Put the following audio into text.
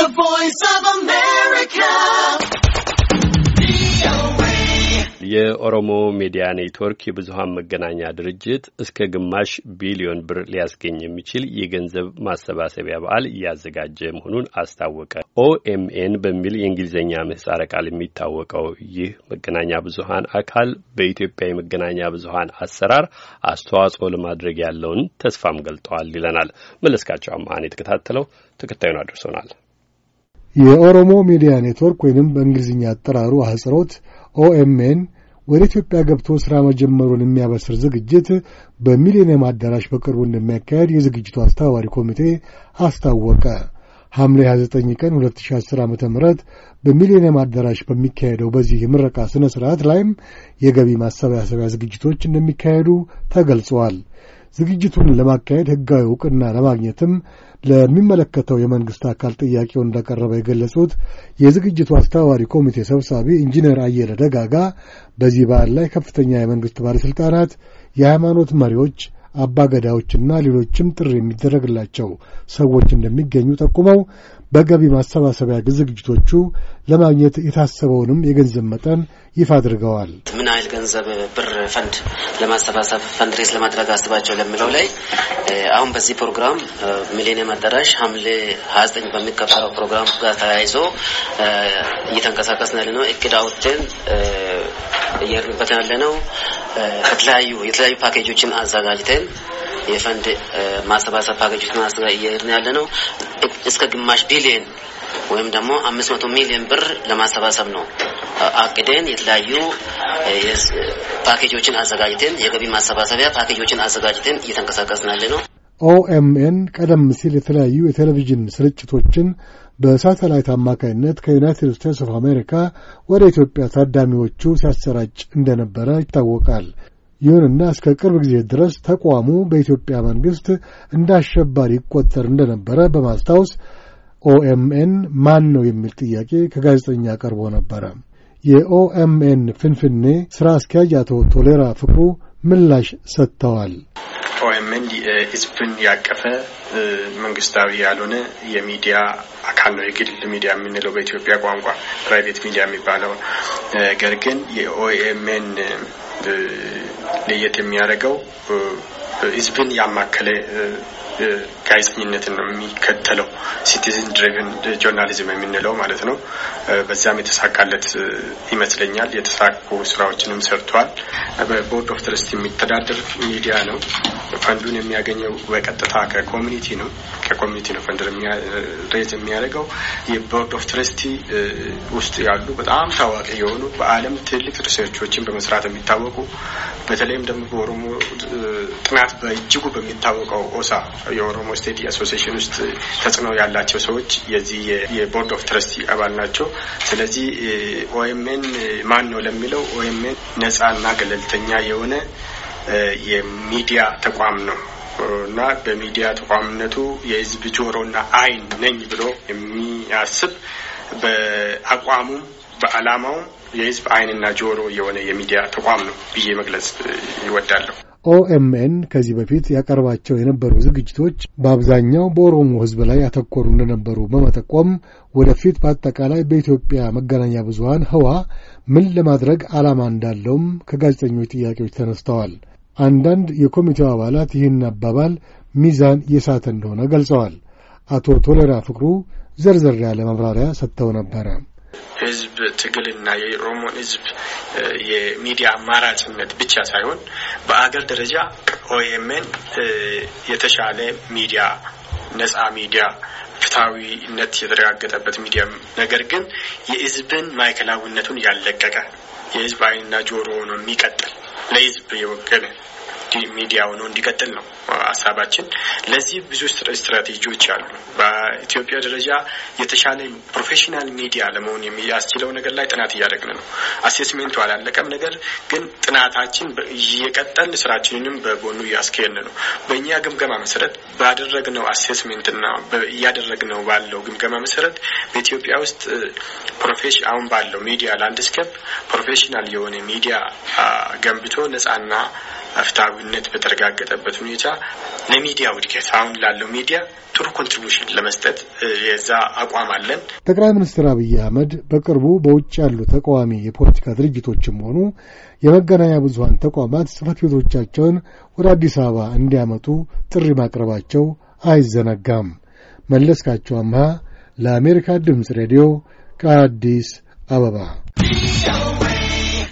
The Voice of America. የኦሮሞ ሚዲያ ኔትወርክ የብዙሀን መገናኛ ድርጅት እስከ ግማሽ ቢሊዮን ብር ሊያስገኝ የሚችል የገንዘብ ማሰባሰቢያ በዓል እያዘጋጀ መሆኑን አስታወቀ። ኦኤምኤን በሚል የእንግሊዝኛ ምህጻረ ቃል የሚታወቀው ይህ መገናኛ ብዙሀን አካል በኢትዮጵያ የመገናኛ ብዙሀን አሰራር አስተዋጽኦ ለማድረግ ያለውን ተስፋም ገልጠዋል ይለናል መለስካቸው አመሀን የተከታተለው ተከታዩን አድርሶናል። የኦሮሞ ሚዲያ ኔትወርክ ወይንም በእንግሊዝኛ አጠራሩ አህጽሮት ኦኤምኤን ወደ ኢትዮጵያ ገብቶ ሥራ መጀመሩን የሚያበስር ዝግጅት በሚሌኒየም አዳራሽ በቅርቡ እንደሚያካሄድ የዝግጅቱ አስተባባሪ ኮሚቴ አስታወቀ። ሐምሌ 29 ቀን 2010 ዓ ም በሚሊኒየም አዳራሽ በሚካሄደው በዚህ የምረቃ ሥነ ሥርዓት ላይም የገቢ ማሰባሰቢያ ዝግጅቶች እንደሚካሄዱ ተገልጸዋል። ዝግጅቱን ለማካሄድ ሕጋዊ እውቅና ለማግኘትም ለሚመለከተው የመንግሥት አካል ጥያቄውን እንዳቀረበ የገለጹት የዝግጅቱ አስተባባሪ ኮሚቴ ሰብሳቢ ኢንጂነር አየለ ደጋጋ በዚህ በዓል ላይ ከፍተኛ የመንግሥት ባለሥልጣናት፣ የሃይማኖት መሪዎች አባገዳዎችና ሌሎችም ጥሪ የሚደረግላቸው ሰዎች እንደሚገኙ ጠቁመው በገቢ ማሰባሰቢያ ዝግጅቶቹ ለማግኘት የታሰበውንም የገንዘብ መጠን ይፋ አድርገዋል። ምን ያህል ገንዘብ ብር ፈንድ ለማሰባሰብ ፈንድሬስ ለማድረግ አስባቸው ለሚለው ላይ አሁን በዚህ ፕሮግራም ሚሊኒየም አዳራሽ ሐምሌ ሀያ ዘጠኝ በሚከበረው ፕሮግራም ጋር ተያይዞ እየተንቀሳቀስን ያለ ነው። እቅድ አውጥተን እየሄድንበት ያለ ነው። ከተለያዩ የተለያዩ ፓኬጆችን አዘጋጅተን የፈንድ ማሰባሰብ ፓኬጆችን እየሄድን ያለ ነው። እስከ ግማሽ ቢሊየን ወይም ደግሞ አምስት መቶ ሚሊዮን ብር ለማሰባሰብ ነው አቅደን የተለያዩ ፓኬጆችን አዘጋጅተን የገቢ ማሰባሰቢያ ፓኬጆችን አዘጋጅተን እየተንቀሳቀስን ያለ ነው። ኦኤምኤን ቀደም ሲል የተለያዩ የቴሌቪዥን ስርጭቶችን በሳተላይት አማካኝነት ከዩናይትድ ስቴትስ ኦፍ አሜሪካ ወደ ኢትዮጵያ ታዳሚዎቹ ሲያሰራጭ እንደነበረ ይታወቃል። ይሁንና እስከ ቅርብ ጊዜ ድረስ ተቋሙ በኢትዮጵያ መንግሥት እንደ አሸባሪ ይቆጠር እንደነበረ በማስታወስ ኦኤምኤን ማን ነው የሚል ጥያቄ ከጋዜጠኛ ቀርቦ ነበረ። የኦኤምኤን ፍንፍኔ ሥራ አስኪያጅ አቶ ቶሌራ ፍቅሩ ምላሽ ሰጥተዋል። ኦኤምኤን ህዝብን ያቀፈ መንግስታዊ ያልሆነ የሚዲያ አካል ነው፣ የግል ሚዲያ የምንለው በኢትዮጵያ ቋንቋ ፕራይቬት ሚዲያ የሚባለው። ነገር ግን የኦኤምኤን ለየት የሚያደርገው ህዝብን ያማከለ ጋዜጠኝነትን ነው የሚከተለው። ሲቲዝን ድሪቭን ጆርናሊዝም የምንለው ማለት ነው። በዚያም የተሳካለት ይመስለኛል። የተሳኩ ስራዎችንም ሰርቷል። በቦርድ ኦፍ ትረስት የሚተዳደር ሚዲያ ነው። ፈንዱን የሚያገኘው በቀጥታ ከኮሚኒቲ ነው። ከኮሚኒቲ ነው ፈንድ ሬዝ የሚያደርገው። የቦርድ ኦፍ ትረስቲ ውስጥ ያሉ በጣም ታዋቂ የሆኑ በዓለም ትልቅ ሪሰርቾችን በመስራት የሚታወቁ በተለይም ደግሞ በኦሮሞ ጥናት በእጅጉ በሚታወቀው ኦሳ የኦሮሞ ስቴት አሶሲሽን ውስጥ ተጽዕኖ ያላቸው ሰዎች የዚህ የቦርድ ኦፍ ትረስቲ አባል ናቸው። ስለዚህ ኦኤምኤን ማን ነው ለሚለው ኦኤምኤን ነጻና ገለልተኛ የሆነ የሚዲያ ተቋም ነው እና በሚዲያ ተቋምነቱ የህዝብ ጆሮና አይን ነኝ ብሎ የሚያስብ በአቋሙም በአላማውም የህዝብ አይንና ጆሮ የሆነ የሚዲያ ተቋም ነው ብዬ መግለጽ ይወዳለሁ። ኦኤምኤን ከዚህ በፊት ያቀርባቸው የነበሩ ዝግጅቶች በአብዛኛው በኦሮሞ ህዝብ ላይ ያተኮሩ እንደነበሩ በመጠቆም ወደፊት በአጠቃላይ በኢትዮጵያ መገናኛ ብዙሀን ህዋ ምን ለማድረግ ዓላማ እንዳለውም ከጋዜጠኞች ጥያቄዎች ተነስተዋል። አንዳንድ የኮሚቴው አባላት ይህን አባባል ሚዛን የሳተ እንደሆነ ገልጸዋል። አቶ ቶሌራ ፍቅሩ ዘርዘር ያለ ማብራሪያ ሰጥተው ነበረ። ህዝብ ትግልና የኦሮሞን ህዝብ የሚዲያ አማራጭነት ብቻ ሳይሆን በአገር ደረጃ ኦኤምን የተሻለ ሚዲያ፣ ነጻ ሚዲያ፣ ፍትሐዊነት የተረጋገጠበት ሚዲያ ነገር ግን የህዝብን ማዕከላዊነቱን ያለቀቀ የህዝብ አይንና ጆሮ ሆኖ የሚቀጥል ለህዝብ የወገነ ሚዲያ ሆኖ እንዲቀጥል ነው። ሀሳባችን። ለዚህ ብዙ ስትራቴጂዎች አሉ። በኢትዮጵያ ደረጃ የተሻለ ፕሮፌሽናል ሚዲያ ለመሆን የሚያስችለው ነገር ላይ ጥናት እያደረግን ነው። አሴስሜንቱ አላለቀም። ነገር ግን ጥናታችን እየቀጠል ስራችንንም በጎኑ እያስካሄድን ነው። በእኛ ግምገማ መሰረት ባደረግነው አሴስሜንትና እያደረግነው ባለው ግምገማ መሰረት በኢትዮጵያ ውስጥ ፕሮፌሽ አሁን ባለው ሚዲያ ላንድስኬፕ ፕሮፌሽናል የሆነ ሚዲያ ገንብቶ ነጻና ፍትሐዊነት በተረጋገጠበት ሁኔታ ለሚዲያ ውድገት አሁን ላለው ሚዲያ ጥሩ ኮንትሪቢሽን ለመስጠት የዛ አቋም አለን። ጠቅላይ ሚኒስትር አብይ አህመድ በቅርቡ በውጭ ያሉ ተቃዋሚ የፖለቲካ ድርጅቶችም ሆኑ የመገናኛ ብዙሀን ተቋማት ጽህፈት ቤቶቻቸውን ወደ አዲስ አበባ እንዲያመጡ ጥሪ ማቅረባቸው አይዘነጋም። መለስካቸው አምሃ ለአሜሪካ ድምፅ ሬዲዮ ከአዲስ አበባ